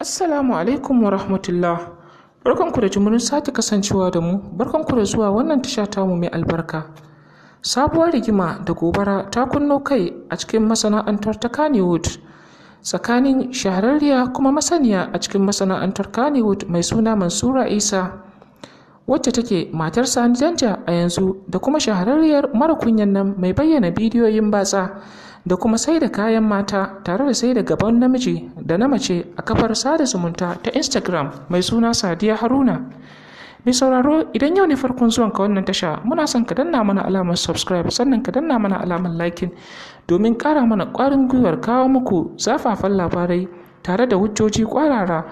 Assalamu alaikum wa rahmatullah. Barkanku da jimurin sake kasancewa da mu, barkanku da zuwa wannan tasha mu mai albarka. Sabuwar rigima da gobara ta kunno kai a cikin masana'antar ta Kannywood. Tsakanin shahararriya kuma masaniya a cikin masana'antar Kannywood mai suna Mansura Isa, wacce take matar Sani Danja a yanzu da kuma shahararriyar mara kunyan nan mai bayyana bidiyoyin batsa. da kuma sai da kayan mata tare da sai da gaban namiji da na mace a kafar sada zumunta ta instagram mai suna sadiya haruna mai sauraro idan yau ne farkon zuwan ka wannan tasha muna son ka danna mana alamar subscribe sannan ka danna mana alamar likin, domin kara mana kwarin gwiwar kawo muku zafafan labarai tare da hujjoji kwarara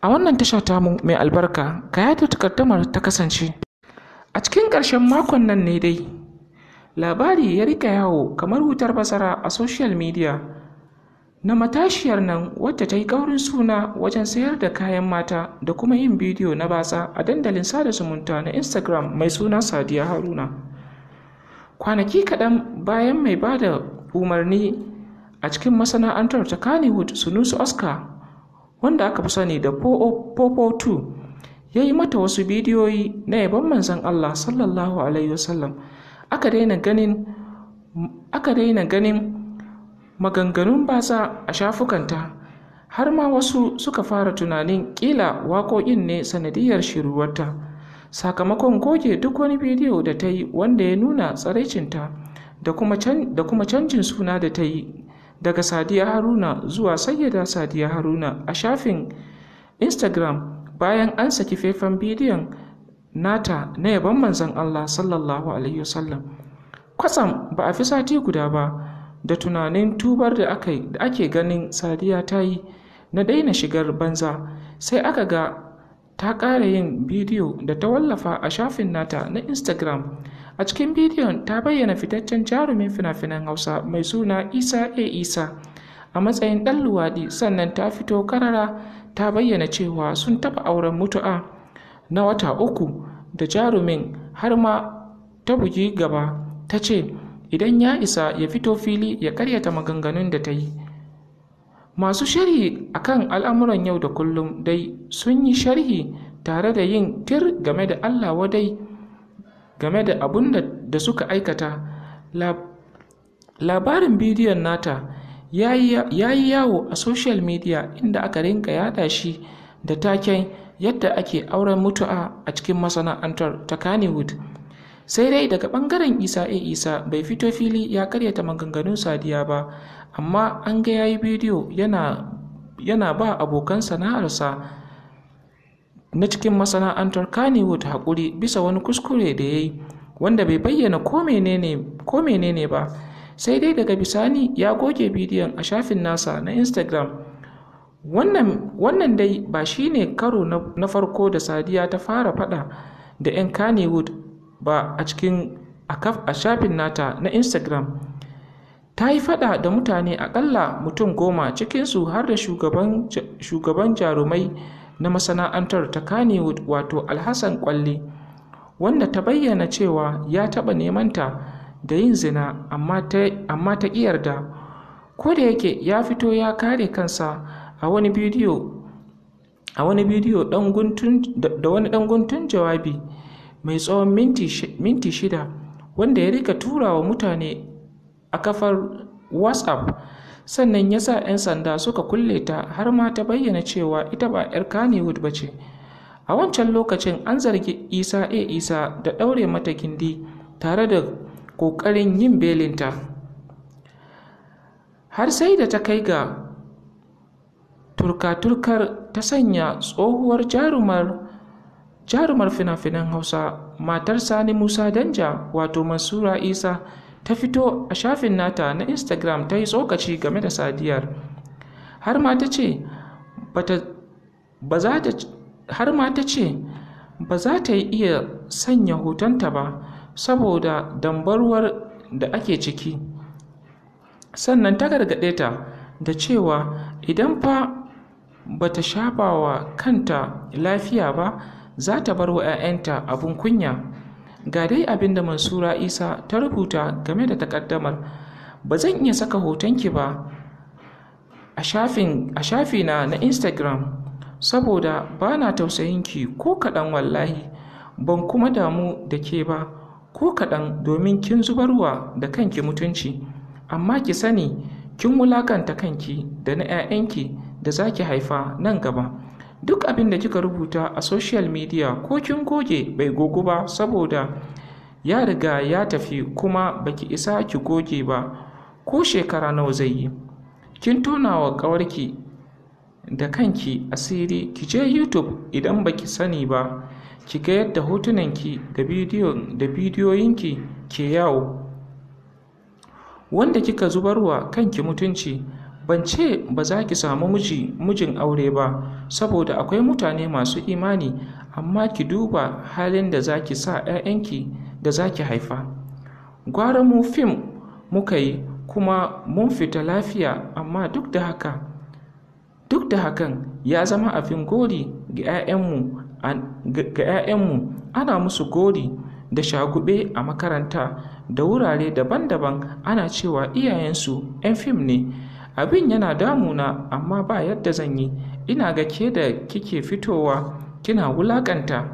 a wannan tasha tamu mai albarka ka yadda ta kasance a cikin ƙarshen makon nan ne dai labari ya rika yawo kamar wutar basara a social media na matashiyar nan wadda ta yi ƙaurin suna wajen sayar da kayan mata da kuma yin bidiyo na basa a dandalin sada zumunta na instagram mai suna sadiya haruna kwanaki kaɗan bayan mai ba da umarni a cikin masana'antar ta kannywood sunusu oscar wanda aka fi sani da popo ya yi mata wasu bidiyoyi na yabon manzon allah sallallahu alaihi wasallam aka daina ganin maganganun basa a shafukanta har ma wasu suka fara tunanin ƙila waƙoƙin ne sanadiyar shiruwarta sakamakon goge duk wani bidiyo da ta yi wanda ya nuna tsaraicinta da kuma canjin suna da ta yi daga sadiya haruna zuwa sayyada sadiya haruna a shafin instagram bayan an saki faifan bidiyon nata na yaban manzon Allah sallallahu alaihi wasallam kwatsam ba a fi sati guda ba da tunanin tubar da ake ganin sadiya ta yi na daina shigar banza sai aka ga ta ƙara yin bidiyo da ta wallafa a shafin nata na instagram a cikin bidiyon ta bayyana fitaccen jarumin fina-finan hausa mai suna isa a isa a matsayin ɗan luwaɗi sannan ta fito karara ta bayyana cewa sun taɓa auren mutu'a na wata uku da jarumin har ma ta bugi gaba ta ce idan ya isa ya fito fili ya karyata maganganun da ta yi masu sharhi a kan al'amuran yau da kullum dai sun yi sharhi tare da yin tir game da allah wadai game da abun da suka aikata labarin bidiyon nata ya yi yawo a social media inda aka rinka yada shi da taken yadda ake auren mutu'a a cikin masana'antar ta Kannywood. Sai dai daga ɓangaren Isa A. Isa bai fito fili ya karyata maganganun Sadiya ba, amma an ga ya yi bidiyo yana, ba abokan sana'arsa na cikin masana'antar Kannywood haƙuri bisa wani kuskure da ya yi, wanda bai bayyana ko menene ba. Sai dai daga bisani ya goge bidiyon a shafin nasa na Instagram. wannan dai ba shi ne karo na farko da sadiya ta fara fada da 'yan kannywood ba a cikin a shafin nata na instagram ta yi fada da mutane akalla mutum goma cikinsu har da shugaban jarumai na masana'antar ta kannywood wato alhassan kwalli wanda ta bayyana cewa ya taɓa nemanta da yin zina amma ta yarda ko da yake ya fito ya kare kansa a wani bidiyo a wani bidiyo da wani ɗan guntun jawabi mai tsawon minti shida wanda ya rika tura wa mutane a kafar whatsapp sannan ya sa 'yan sanda suka kulle ta har ma ta bayyana cewa ita ba 'yar kanewood ba ce a wancan lokacin an zargi isa a isa da ɗaure mata gindi tare da ƙoƙarin yin belinta har sai da ta kai ga turka-turkar ta sanya tsohuwar jarumar jarumar fina-finan hausa matar sani musa danja wato mansura isa ta fito a shafin nata na instagram ta yi tsokaci game da sadiyar har ma ta ce ba za ta iya sanya hotonta ba saboda dambarwar da ake ciki sannan ta gargaɗe ta da cewa idan fa ba ta shafa wa kanta lafiya ba za ta bar wa 'ya'yanta abin kunya ga dai abin da mansura isa ta rubuta game da takaddamar ba zan iya saka hotonki ba a shafina na instagram saboda ba na ki ko kaɗan wallahi ban kuma damu da ke ba ko kaɗan domin kin zubarwa da kanki mutunci amma ki sani kin wulakanta kanki da na 'ya'yanki da za ki haifa nan gaba duk abin da kika rubuta a social media ko kin goge bai gogu ba saboda ya riga ya tafi kuma baki isa ki goge ba ko shekara nawa zai yi kin tona wa ƙawarki da kanki asiri ki je youtube idan baki sani ba ki ga yadda hotunanki da bidiyoyinki ke yawo wanda kika zubarwa kanki mutunci ban ce ba za ki samu miji mijin aure ba saboda akwai mutane masu imani amma ki duba halin da za ki sa 'ya'yanki da za ki haifa gwara mu fim muka yi kuma mun fita lafiya amma duk da haka duk da hakan ya zama abin gori ga 'ya'yanmu ana musu gori da shagube a makaranta da wurare daban-daban ana cewa iyayensu 'yan fim ne abin yana damuna amma ba yadda zan yi ina ga ke da kike fitowa kina wulakanta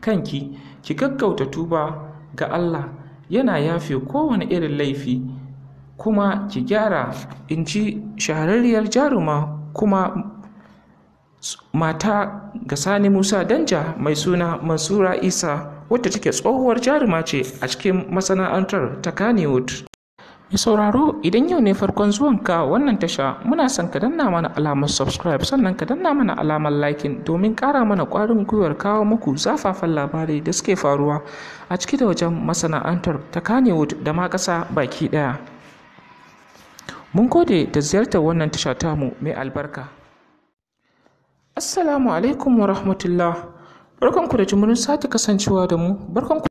kanki ki gaggauta tuba ga Allah yana yafe kowane irin laifi kuma ki gyara in ji shahararriyar jaruma kuma mata ga sani musa danja mai suna mansura isa wadda take tsohuwar jaruma ce a cikin masana'antar ta kanewood Mai sauraro idan yau ne farkon zuwan ka wannan tasha muna son ka danna mana alamar subscribe sannan ka danna mana alamar liking domin kara mana kwarin gwiwar kawo muku zafafan labarai da suke faruwa a ciki da wajen masana'antar ta Kannywood da ma ƙasa baki ɗaya. Mun gode da ziyartar wannan tasha mu mai albarka. Assalamu alaikum wa rahmatullah. Barkanku da jimurin sati kasancewa da mu. Barkanku